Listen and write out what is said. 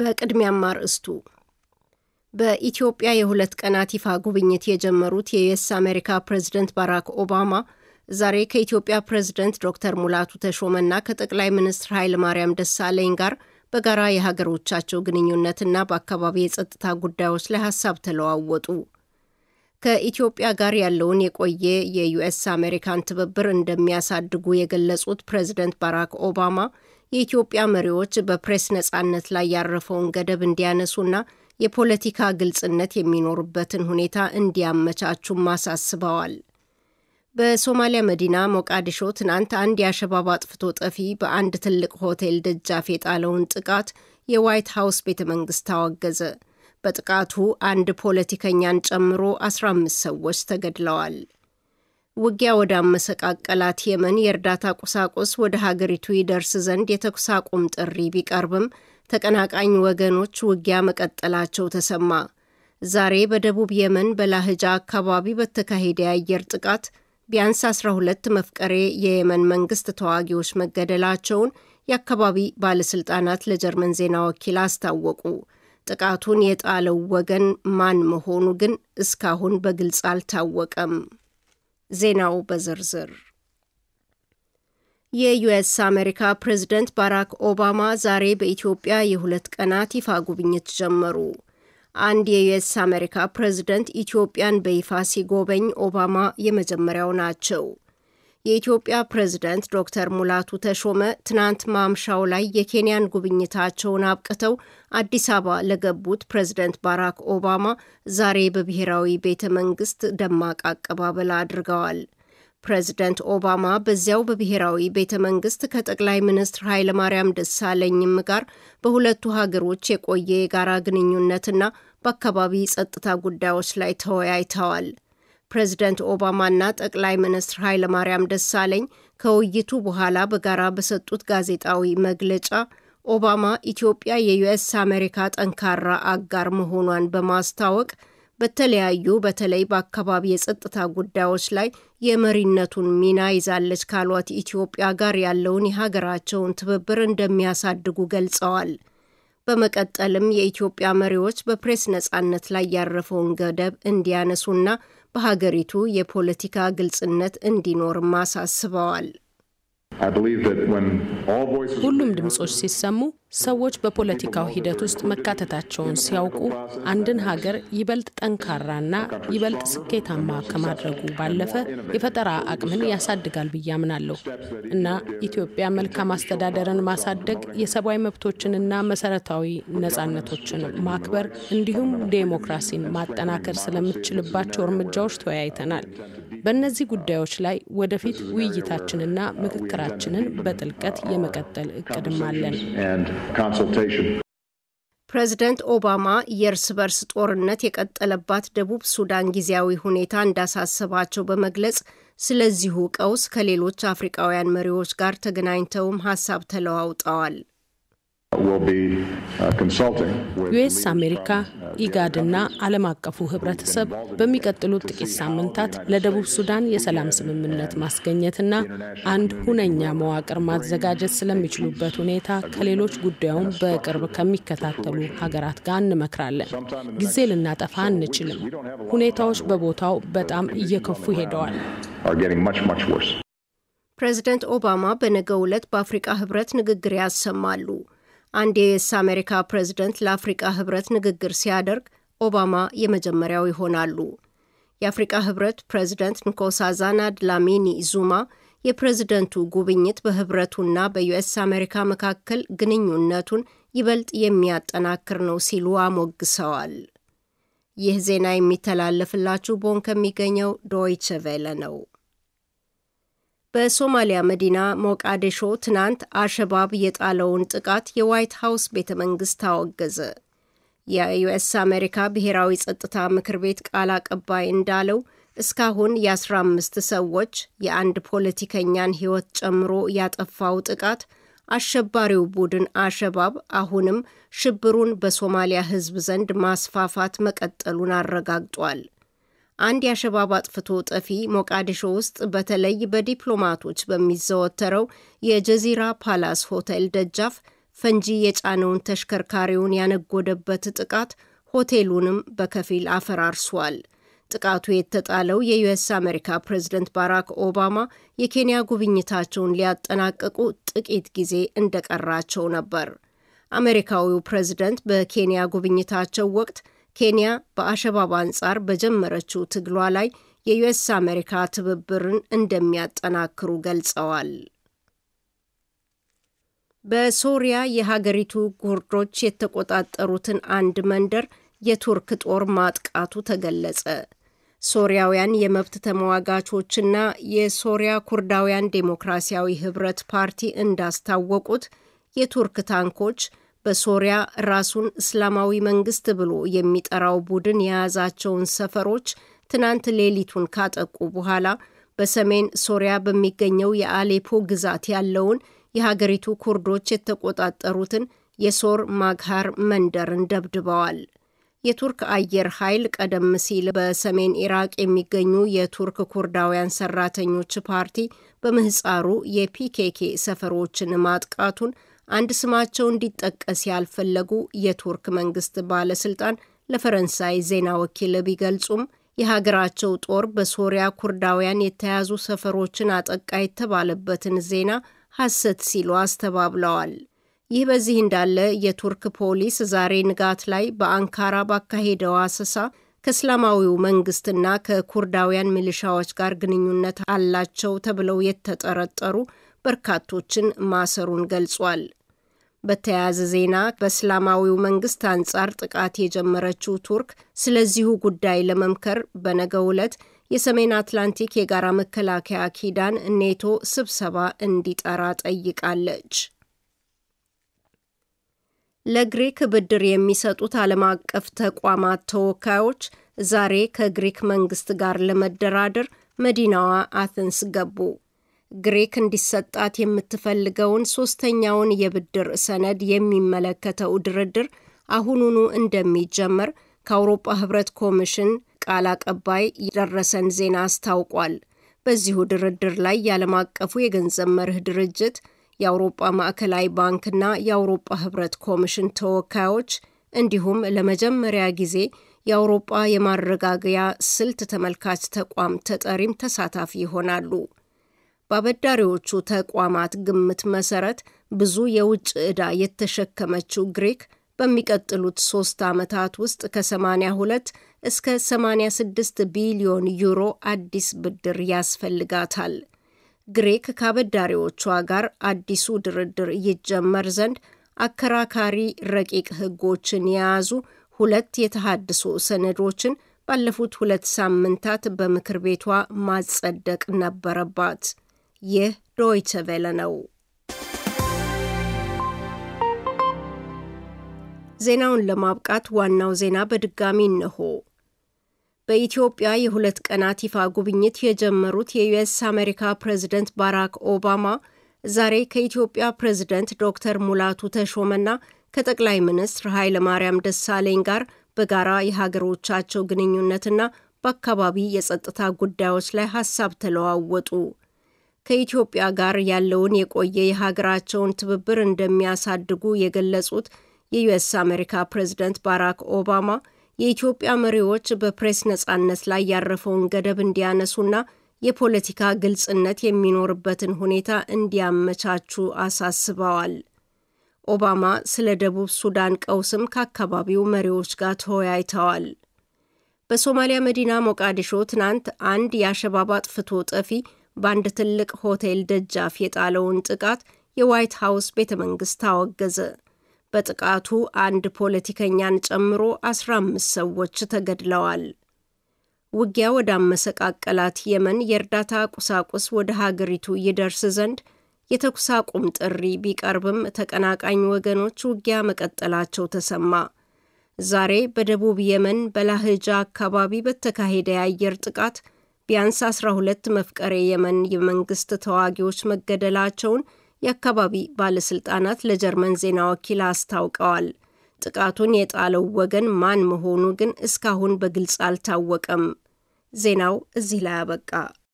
በቅድሚያም አርዕስቱ በኢትዮጵያ የሁለት ቀናት ይፋ ጉብኝት የጀመሩት የዩኤስ አሜሪካ ፕሬዝደንት ባራክ ኦባማ ዛሬ ከኢትዮጵያ ፕሬዝደንት ዶክተር ሙላቱ ተሾመና ከጠቅላይ ሚኒስትር ኃይለ ማርያም ደሳለኝ ጋር በጋራ የሀገሮቻቸው ግንኙነትና በአካባቢ የጸጥታ ጉዳዮች ላይ ሀሳብ ተለዋወጡ። ከኢትዮጵያ ጋር ያለውን የቆየ የዩኤስ አሜሪካን ትብብር እንደሚያሳድጉ የገለጹት ፕሬዝደንት ባራክ ኦባማ የኢትዮጵያ መሪዎች በፕሬስ ነጻነት ላይ ያረፈውን ገደብ እንዲያነሱና የፖለቲካ ግልጽነት የሚኖርበትን ሁኔታ እንዲያመቻቹም አሳስበዋል። በሶማሊያ መዲና ሞቃዲሾ ትናንት አንድ የአሸባብ አጥፍቶ ጠፊ በአንድ ትልቅ ሆቴል ደጃፍ የጣለውን ጥቃት የዋይት ሀውስ ቤተ መንግስት አወገዘ። በጥቃቱ አንድ ፖለቲከኛን ጨምሮ 15 ሰዎች ተገድለዋል። ውጊያ ወደ አመሰቃቀላት የመን የእርዳታ ቁሳቁስ ወደ ሀገሪቱ ይደርስ ዘንድ የተኩስ አቁም ጥሪ ቢቀርብም ተቀናቃኝ ወገኖች ውጊያ መቀጠላቸው ተሰማ። ዛሬ በደቡብ የመን በላህጃ አካባቢ በተካሄደ የአየር ጥቃት ቢያንስ 12 መፍቀሬ የየመን መንግስት ተዋጊዎች መገደላቸውን የአካባቢ ባለሥልጣናት ለጀርመን ዜና ወኪል አስታወቁ። ጥቃቱን የጣለው ወገን ማን መሆኑ ግን እስካሁን በግልጽ አልታወቀም። ዜናው በዝርዝር የዩኤስ አሜሪካ ፕሬዝደንት ባራክ ኦባማ ዛሬ በኢትዮጵያ የሁለት ቀናት ይፋ ጉብኝት ጀመሩ። አንድ የዩኤስ አሜሪካ ፕሬዝደንት ኢትዮጵያን በይፋ ሲጎበኝ ኦባማ የመጀመሪያው ናቸው። የኢትዮጵያ ፕሬዝደንት ዶክተር ሙላቱ ተሾመ ትናንት ማምሻው ላይ የኬንያን ጉብኝታቸውን አብቅተው አዲስ አበባ ለገቡት ፕሬዝደንት ባራክ ኦባማ ዛሬ በብሔራዊ ቤተ መንግስት ደማቅ አቀባበል አድርገዋል። ፕሬዝደንት ኦባማ በዚያው በብሔራዊ ቤተ መንግስት ከጠቅላይ ሚኒስትር ኃይለማርያም ደሳለኝም ጋር በሁለቱ ሀገሮች የቆየ የጋራ ግንኙነትና በአካባቢ ጸጥታ ጉዳዮች ላይ ተወያይተዋል። ፕሬዝደንት ኦባማና ጠቅላይ ሚኒስትር ኃይለማርያም ደሳለኝ ከውይይቱ በኋላ በጋራ በሰጡት ጋዜጣዊ መግለጫ ኦባማ ኢትዮጵያ የዩኤስ አሜሪካ ጠንካራ አጋር መሆኗን በማስታወቅ በተለያዩ በተለይ በአካባቢ የጸጥታ ጉዳዮች ላይ የመሪነቱን ሚና ይዛለች ካሏት ኢትዮጵያ ጋር ያለውን የሀገራቸውን ትብብር እንደሚያሳድጉ ገልጸዋል። በመቀጠልም የኢትዮጵያ መሪዎች በፕሬስ ነጻነት ላይ ያረፈውን ገደብ እንዲያነሱና በሀገሪቱ የፖለቲካ ግልጽነት እንዲኖርም አሳስበዋል። ሁሉም ድምጾች ሲሰሙ ሰዎች በፖለቲካው ሂደት ውስጥ መካተታቸውን ሲያውቁ አንድን ሀገር ይበልጥ ጠንካራና ይበልጥ ስኬታማ ከማድረጉ ባለፈ የፈጠራ አቅምን ያሳድጋል ብዬ አምናለሁ እና ኢትዮጵያ መልካም አስተዳደርን ማሳደግ፣ የሰብአዊ መብቶችንና መሰረታዊ ነጻነቶችን ማክበር እንዲሁም ዴሞክራሲን ማጠናከር ስለምትችልባቸው እርምጃዎች ተወያይተናል። በእነዚህ ጉዳዮች ላይ ወደፊት ውይይታችንና ምክክራችንን በጥልቀት የመቀጠል እቅድም አለን። ፕሬዚደንት ኦባማ የእርስ በርስ ጦርነት የቀጠለባት ደቡብ ሱዳን ጊዜያዊ ሁኔታ እንዳሳሰባቸው በመግለጽ ስለዚሁ ቀውስ ከሌሎች አፍሪቃውያን መሪዎች ጋር ተገናኝተውም ሀሳብ ተለዋውጠዋል። Uh, ዩኤስ አሜሪካ uh, ኢጋድና ዓለም አቀፉ ህብረተሰብ በሚቀጥሉት ጥቂት ሳምንታት ለደቡብ ሱዳን የሰላም ስምምነት uh, ማስገኘትና አንድ ሁነኛ መዋቅር ማዘጋጀት ስለሚችሉበት ሁኔታ ከሌሎች ጉዳዩን በቅርብ ከሚከታተሉ ሀገራት ጋር እንመክራለን። ጊዜ ልናጠፋ አንችልም። ሁኔታዎች በቦታው በጣም እየከፉ ሄደዋል። ፕሬዚደንት ኦባማ በነገው ዕለት በአፍሪቃ ህብረት ንግግር ያሰማሉ። አንድ የዩኤስ አሜሪካ ፕሬዝደንት ለአፍሪቃ ህብረት ንግግር ሲያደርግ ኦባማ የመጀመሪያው ይሆናሉ። የአፍሪቃ ህብረት ፕሬዝደንት ንኮሳዛና ድላሚኒ ዙማ የፕሬዝደንቱ ጉብኝት በህብረቱና በዩኤስ አሜሪካ መካከል ግንኙነቱን ይበልጥ የሚያጠናክር ነው ሲሉ አሞግሰዋል። ይህ ዜና የሚተላለፍላችሁ ቦን ከሚገኘው ዶይቸ ቬለ ነው። በሶማሊያ መዲና ሞቃዲሾ ትናንት አሸባብ የጣለውን ጥቃት የዋይት ሀውስ ቤተ መንግስት አወገዘ። የዩኤስ አሜሪካ ብሔራዊ ጸጥታ ምክር ቤት ቃል አቀባይ እንዳለው እስካሁን የ15 ሰዎች የአንድ ፖለቲከኛን ሕይወት ጨምሮ ያጠፋው ጥቃት አሸባሪው ቡድን አሸባብ አሁንም ሽብሩን በሶማሊያ ሕዝብ ዘንድ ማስፋፋት መቀጠሉን አረጋግጧል። አንድ የአሸባብ አጥፍቶ ጠፊ ሞቃዲሾ ውስጥ በተለይ በዲፕሎማቶች በሚዘወተረው የጀዚራ ፓላስ ሆቴል ደጃፍ ፈንጂ የጫነውን ተሽከርካሪውን ያነጎደበት ጥቃት ሆቴሉንም በከፊል አፈራርሷል። ጥቃቱ የተጣለው የዩኤስ አሜሪካ ፕሬዝደንት ባራክ ኦባማ የኬንያ ጉብኝታቸውን ሊያጠናቅቁ ጥቂት ጊዜ እንደቀራቸው ነበር። አሜሪካዊው ፕሬዝደንት በኬንያ ጉብኝታቸው ወቅት ኬንያ በአሸባብ አንጻር በጀመረችው ትግሏ ላይ የዩኤስ አሜሪካ ትብብርን እንደሚያጠናክሩ ገልጸዋል። በሶሪያ የሀገሪቱ ኩርዶች የተቆጣጠሩትን አንድ መንደር የቱርክ ጦር ማጥቃቱ ተገለጸ። ሶሪያውያን የመብት ተመዋጋቾችና የሶሪያ ኩርዳውያን ዴሞክራሲያዊ ህብረት ፓርቲ እንዳስታወቁት የቱርክ ታንኮች በሶሪያ ራሱን እስላማዊ መንግስት ብሎ የሚጠራው ቡድን የያዛቸውን ሰፈሮች ትናንት ሌሊቱን ካጠቁ በኋላ በሰሜን ሶሪያ በሚገኘው የአሌፖ ግዛት ያለውን የሀገሪቱ ኩርዶች የተቆጣጠሩትን የሶር ማግሃር መንደርን ደብድበዋል። የቱርክ አየር ኃይል ቀደም ሲል በሰሜን ኢራቅ የሚገኙ የቱርክ ኩርዳውያን ሰራተኞች ፓርቲ በምህፃሩ የፒኬኬ ሰፈሮችን ማጥቃቱን አንድ ስማቸው እንዲጠቀስ ያልፈለጉ የቱርክ መንግስት ባለስልጣን ለፈረንሳይ ዜና ወኪል ቢገልጹም የሀገራቸው ጦር በሶሪያ ኩርዳውያን የተያዙ ሰፈሮችን አጠቃ የተባለበትን ዜና ሐሰት ሲሉ አስተባብለዋል። ይህ በዚህ እንዳለ የቱርክ ፖሊስ ዛሬ ንጋት ላይ በአንካራ ባካሄደው አሰሳ ከእስላማዊው መንግስትና ከኩርዳውያን ሚሊሻዎች ጋር ግንኙነት አላቸው ተብለው የተጠረጠሩ በርካቶችን ማሰሩን ገልጿል። በተያያዘ ዜና በእስላማዊው መንግስት አንጻር ጥቃት የጀመረችው ቱርክ ስለዚሁ ጉዳይ ለመምከር በነገው ዕለት የሰሜን አትላንቲክ የጋራ መከላከያ ኪዳን ኔቶ ስብሰባ እንዲጠራ ጠይቃለች። ለግሪክ ብድር የሚሰጡት ዓለም አቀፍ ተቋማት ተወካዮች ዛሬ ከግሪክ መንግስት ጋር ለመደራደር መዲናዋ አትንስ ገቡ። ግሪክ እንዲሰጣት የምትፈልገውን ሶስተኛውን የብድር ሰነድ የሚመለከተው ድርድር አሁኑኑ እንደሚጀመር ከአውሮፓ ህብረት ኮሚሽን ቃል አቀባይ የደረሰን ዜና አስታውቋል። በዚሁ ድርድር ላይ የዓለም አቀፉ የገንዘብ መርህ ድርጅት፣ የአውሮፓ ማዕከላዊ ባንክና የአውሮፓ ህብረት ኮሚሽን ተወካዮች እንዲሁም ለመጀመሪያ ጊዜ የአውሮፓ የማረጋገያ ስልት ተመልካች ተቋም ተጠሪም ተሳታፊ ይሆናሉ። በአበዳሪዎቹ ተቋማት ግምት መሰረት ብዙ የውጭ ዕዳ የተሸከመችው ግሪክ በሚቀጥሉት ሶስት ዓመታት ውስጥ ከ82 እስከ 86 ቢሊዮን ዩሮ አዲስ ብድር ያስፈልጋታል። ግሪክ ከአበዳሪዎቿ ጋር አዲሱ ድርድር ይጀመር ዘንድ አከራካሪ ረቂቅ ሕጎችን የያዙ ሁለት የተሃድሶ ሰነዶችን ባለፉት ሁለት ሳምንታት በምክር ቤቷ ማጸደቅ ነበረባት። ይህ ዶይቸ ቬለ ነው። ዜናውን ለማብቃት ዋናው ዜና በድጋሚ እነሆ። በኢትዮጵያ የሁለት ቀናት ይፋ ጉብኝት የጀመሩት የዩኤስ አሜሪካ ፕሬዝደንት ባራክ ኦባማ ዛሬ ከኢትዮጵያ ፕሬዝደንት ዶክተር ሙላቱ ተሾመና ከጠቅላይ ሚኒስትር ኃይለማርያም ደሳለኝ ጋር በጋራ የሀገሮቻቸው ግንኙነትና በአካባቢ የጸጥታ ጉዳዮች ላይ ሀሳብ ተለዋወጡ። ከኢትዮጵያ ጋር ያለውን የቆየ የሀገራቸውን ትብብር እንደሚያሳድጉ የገለጹት የዩኤስ አሜሪካ ፕሬዚደንት ባራክ ኦባማ የኢትዮጵያ መሪዎች በፕሬስ ነጻነት ላይ ያረፈውን ገደብ እንዲያነሱና የፖለቲካ ግልጽነት የሚኖርበትን ሁኔታ እንዲያመቻቹ አሳስበዋል። ኦባማ ስለ ደቡብ ሱዳን ቀውስም ከአካባቢው መሪዎች ጋር ተወያይተዋል። በሶማሊያ መዲና ሞቃዲሾ ትናንት አንድ የአሸባብ አጥፍቶ ጠፊ በአንድ ትልቅ ሆቴል ደጃፍ የጣለውን ጥቃት የዋይት ሀውስ ቤተ መንግስት አወገዘ። በጥቃቱ አንድ ፖለቲከኛን ጨምሮ 15 ሰዎች ተገድለዋል። ውጊያ ወደ አመሰቃቀላት የመን የእርዳታ ቁሳቁስ ወደ ሀገሪቱ ይደርስ ዘንድ የተኩስ አቁም ጥሪ ቢቀርብም ተቀናቃኝ ወገኖች ውጊያ መቀጠላቸው ተሰማ። ዛሬ በደቡብ የመን በላህጃ አካባቢ በተካሄደ የአየር ጥቃት ቢያንስ 12 መፍቀር የመን የመንግስት ተዋጊዎች መገደላቸውን የአካባቢ ባለስልጣናት ለጀርመን ዜና ወኪል አስታውቀዋል። ጥቃቱን የጣለው ወገን ማን መሆኑ ግን እስካሁን በግልጽ አልታወቀም። ዜናው እዚህ ላይ አበቃ።